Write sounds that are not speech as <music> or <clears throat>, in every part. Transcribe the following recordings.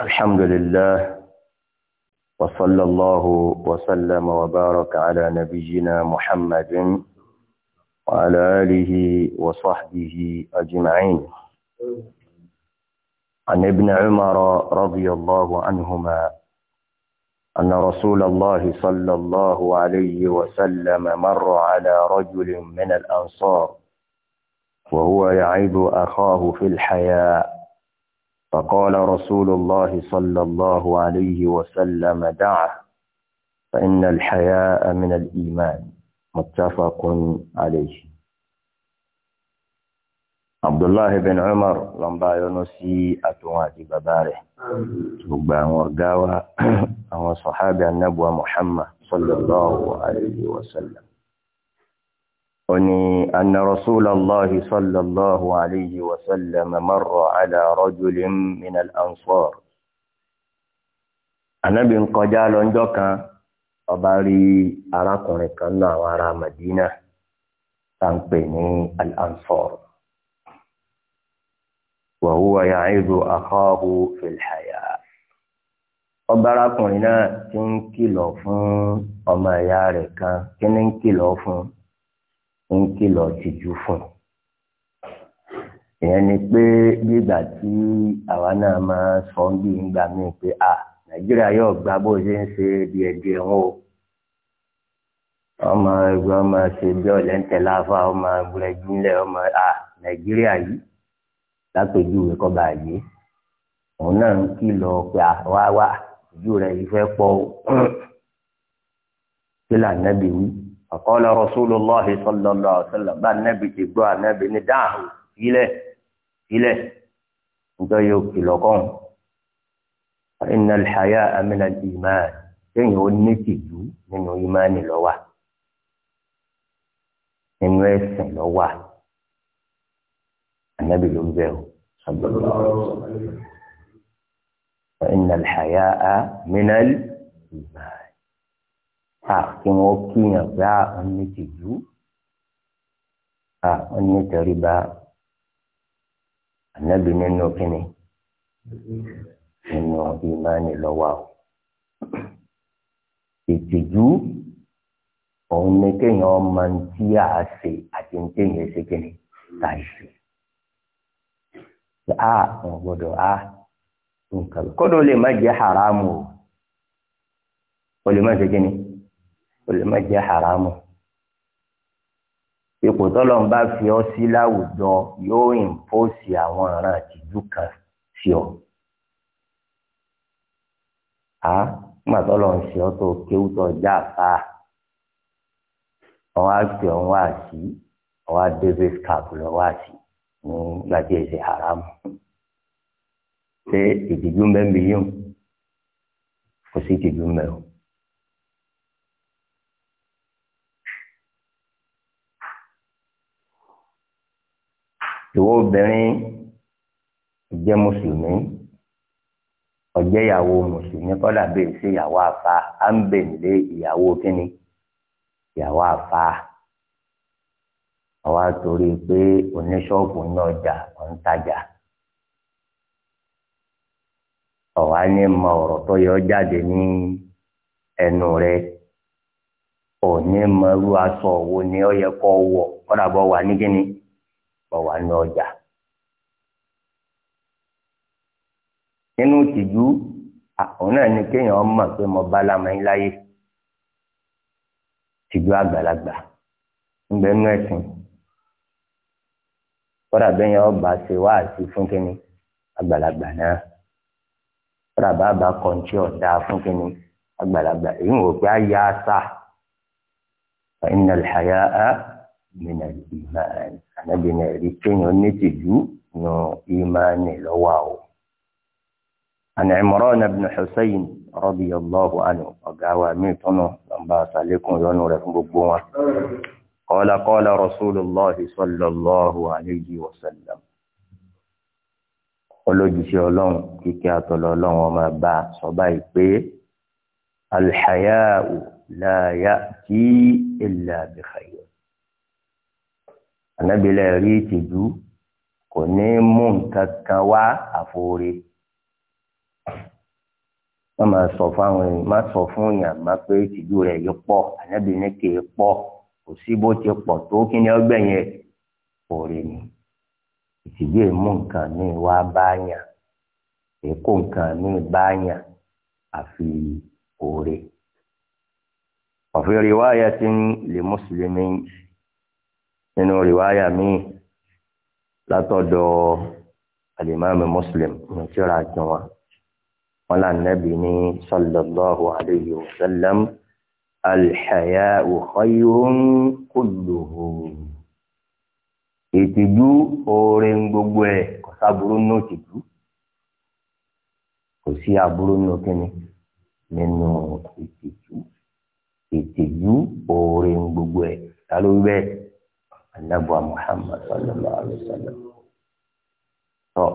الحمد لله وصلى الله وسلم وبارك على نبينا محمد وعلى آله وصحبه أجمعين عن ابن عمر رضي الله عنهما أن رسول الله صلى الله عليه وسلم مر على رجل من الأنصار وهو يعيد أخاه في الحياء فقال رسول الله صلى الله عليه وسلم دعه فإن الحياء من الإيمان متفق عليه عبد الله بن عمر لما ينسي أتواتي بباره تبان ورقاوة أهو صحابي النبوة محمد صلى الله عليه وسلم أني أن رسول الله صلى الله عليه وسلم مر على رجل من الأنصار Ànábì ń kọjá lọ ńjọ́ kan ó bá rí arákùnrin kan náà àwọn ará Madina tá ń pè ní al-Ansar wa huwa ya'idu akhahu fil haya ó bá arákùnrin náà tí ń kìlọ̀ fún ọmọ kan kí ni ń ń kìlọ̀ tìjú fún un ìyẹn ni pé nígbà tí àwa náà máa sọ ń bí ìgbà míì pé a nàìjíríà yóò gba bó ṣe ń ṣe díẹ̀díẹ̀ wọn o ọmọ ẹgbẹ́ ọmọ ṣe bí ọ̀lẹ́ ń tẹ̀lé afa ọmọ ẹgbẹ́ ìjìnlẹ̀ ọmọ a nàìjíríà yìí lápèjúwe kọ́ bá yé òun náà ń kìlọ̀ pé wá wá ìjú rẹ̀ yìí fẹ́ pọ̀ o <clears throat> kí lànà bí wí àkọọ́lẹ̀ Rasulullahi sallallahu alaihi wasallam bá nẹ́bi ti gbọ́ ànẹ́bi ní dáhùn ilẹ̀ ilẹ̀ nítorí yóò kìlọ̀ kọ́ innal haya'a minal iman kéèyàn ó ní tìjú nínú ìmánì lọ́wà nínú ẹ̀sìn lọ́wà ànẹ́bi ló ń bẹ̀ o sallallahu alaihi wasallam innal haya'a minal iman. A, kí wọ́n kíyàn pé a, ń ní tìjú à ń ní tẹríba ànábì nínú kíni nínú ìmánì lọ́wọ́ àwọn ìtìjú òun ni kéèyàn ọmọ tí a ṣe àti kéèyàn ṣe kíni tá a ṣe a wọn gbọ́dọ̀ a nǹkan kódò lè má jẹ haramu o lè má ṣe kíni ó lè má jẹ́ haramu ipò tọ́lọ̀ ń bá fi ọ́ sí láwùjọ yóò ìmpóòsì àwọn ọ̀ràn àtijọ́ kan sí ọ. a nígbà tọ́lọ̀ ń ṣe ọ́ tó kéwú tó já fa wọn á pè ọ́n wá sí wọn á débé scarf lọ wá sí ní gbàdé ẹsẹ̀ haramu. ṣé ìtìjú mẹ́mìí yìí kò sí ìtìjú mẹ́rin. ìwọ obìnrin jẹ́ mùsùlùmí ọjẹ́ ìyàwó mùsùlùmí kọ́dà bẹ́ẹ̀ ṣe ìyàwó àfa à ń bẹ̀ nílé ìyàwó kínní ìyàwó àfa àwa torí pé oníṣọ́ọ̀bù ní ọjà ń tajà ọ̀wá ní mọ ọ̀rọ̀ tó yọ jáde ní ẹnu rẹ mọ irú aṣọ òwò ni ó yẹ kó wọ kọ́dà bọ́ wà ní ọwà ní ọjà. nínú tìjú àwọn náà ni kéèyàn mọ̀ pé mo bá lámọ́yìn láyé tìjú àgbàlagbà ńbẹ nú ẹ̀sìn kódà bẹ́yẹn ọba ṣe wá àti fún àgbàlagbà náà kódà bàbá kọ̀ǹtì ọ̀dà fún àgbàlagbà èyí ń wò pé a yá a sá nínú ìmáàní ànábìnrin ẹ̀rí kéèyàn nítìjú nu ìmáàní lọ́wọ́ o. عن عمران بن حسين رضي الله عنه وقعوا ميتنا لما سألكم يونو لكم ببوا قال قال رسول الله صلى الله عليه وسلم olójúṣe ọlọ́run kíkẹ́ àtọ̀lọ́ ọlọ́run ọmọ bá a sọ báyìí pé alhaya'u la ya'ti illa bi khayr ànábìlẹ̀ rí ìtìjú kò ní mú nǹkan kan wá àfoore wọ́n máa sọ fáwọn èèyàn má sọ fún èèyàn má pé ìtìjú rẹ̀ yìí pọ̀ ànábìlẹ̀ kì í pọ̀ kò sí bó ti pọ̀ tó kí ni ọgbẹ̀yìn ẹ̀ òòrè ni ìtìjú èmú nǹkan ní wá báyàn èkó nǹkan ní báyàn àfi òòrè. وفي رواية لمسلم nínú rìwáyà míì látọ̀dọ̀ alimami muslim nìkíra tiwọn wọn là nẹ́bi ní sallallahu alayhi wa sallam alḥaya'u khayrun kulluhu ìtìjú oore ń gbogbo ẹ kò sábúrú nù tìjú kò sí aburú nù kíni nínú ìtìjú ìtìjú oore gbogbo ẹ ta ló anabuwa muhammad sallallahu alayhi wa sallam tọ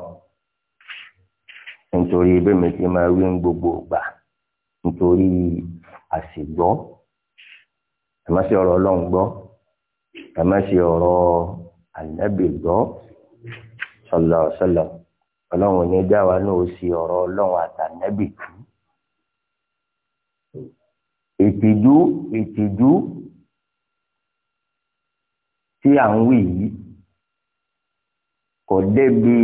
nítorí bẹ́ẹ̀ mi ti máa wí ń gbogbo gbà nítorí àṣìgbọ́ ẹ̀mọ́sí ọ̀rọ̀ ọlọ́run gbọ́ ẹ̀mọ́sí ọ̀rọ̀ ànábì gbọ́ sallallahu alayhi wa sallam ọlọ́run ní dáwà náà ó sì ọ̀rọ̀ ọlọ́run àtànábì tú ìtìjú ìtìjú tí à ń wí yìí kò débi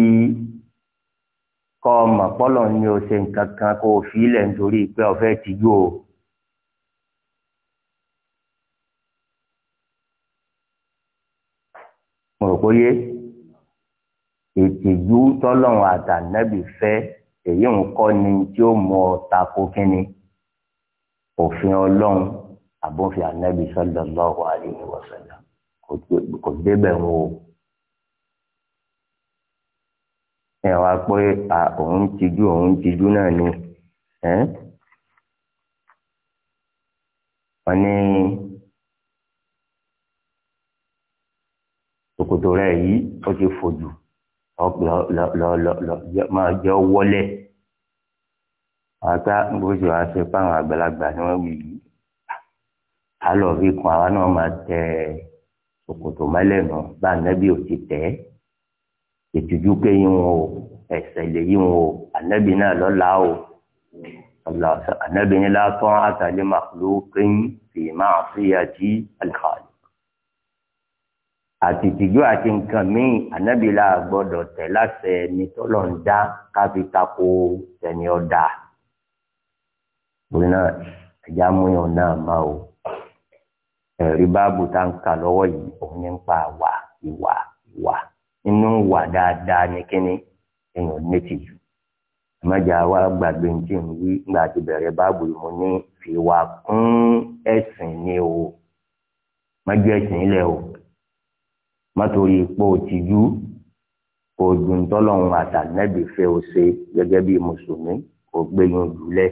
kọ́ ọmọ pọ́lọ̀ ni o ṣe nǹkan kan kó o fi ilẹ̀ nítorí pé ọ̀fẹ́ tìjú o. mo rò pé yé ìtìjú tọ́lọ́run àtànẹ́bì fẹ́ èyí ń kọ́ ni tí ó mọ tako kínni òfin ọlọ́run àbófin ànẹ́bì sallallahu alaihi wasallam kò débẹ̀ ń wo ẹ wá pé à òun tijú òun tijú náà ni ẹ wọn ní ṣòkòtò rẹ yìí ó ti fò jù máa jẹ́ wọlé àgbà gbòòsì wa ṣe fáwọn àgbàlagbà ni wọ́n wí yìí a lọ fi kún àwa náà máa tẹ ẹ ṣòkòtò mẹlẹnu bá anabi ò ti tẹ ètùjú kéyìn o ẹsẹ lèyìn o anabi náà lọlá o anabi ní látọ àtàlẹ màkúló kéyìn fèèmà àfíyàtì alìkàlì àtìtìjú àti nǹkan míì anabi la gbọ́dọ̀ tẹ láṣẹ ní tọlọ ń dá káfí tako tẹni ọdà torí náà ẹjá múyàn náà má o ẹ̀rí báàbù tá ń kà lọ́wọ́ yìí òun ní ń pa wà ìwà ìwà inú wà dáadáa ní kíní èèyàn native àmọ́jà wa gbàgbé ní wí nígbà tí bẹ̀rẹ̀ báàbù yìí mo ní fi wà kún ẹ̀sìn ni o mọ́jú ẹ̀sìn ilẹ̀ o mọ́tòrí ipò tìjú kò dùn àtàlẹ́bí fẹ́ o ṣe gẹ́gẹ́ bí mùsùlùmí kò gbé yín jùlẹ̀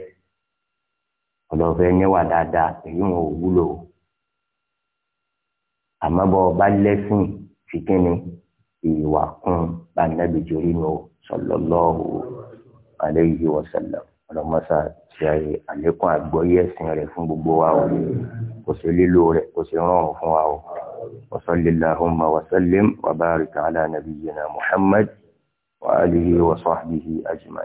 ọ̀dọ̀ fẹ́ níwà dáadáa èyí wọn ò wúlò o àmọ́ bọ́ ọba lẹ́sìn fi kíni ìwà kún bàǹdàbí torí nù sallallahu alayhi wa sallam ọlọmọsà ṣe àlékún àgbọ́yé ẹ̀sìn rẹ̀ fún gbogbo wa o kò sí lílo rẹ̀ kò sí rọrùn fún wa o wa sallallahumma wa sallim wa barika ala nabiyyina muhammad wa alihi wa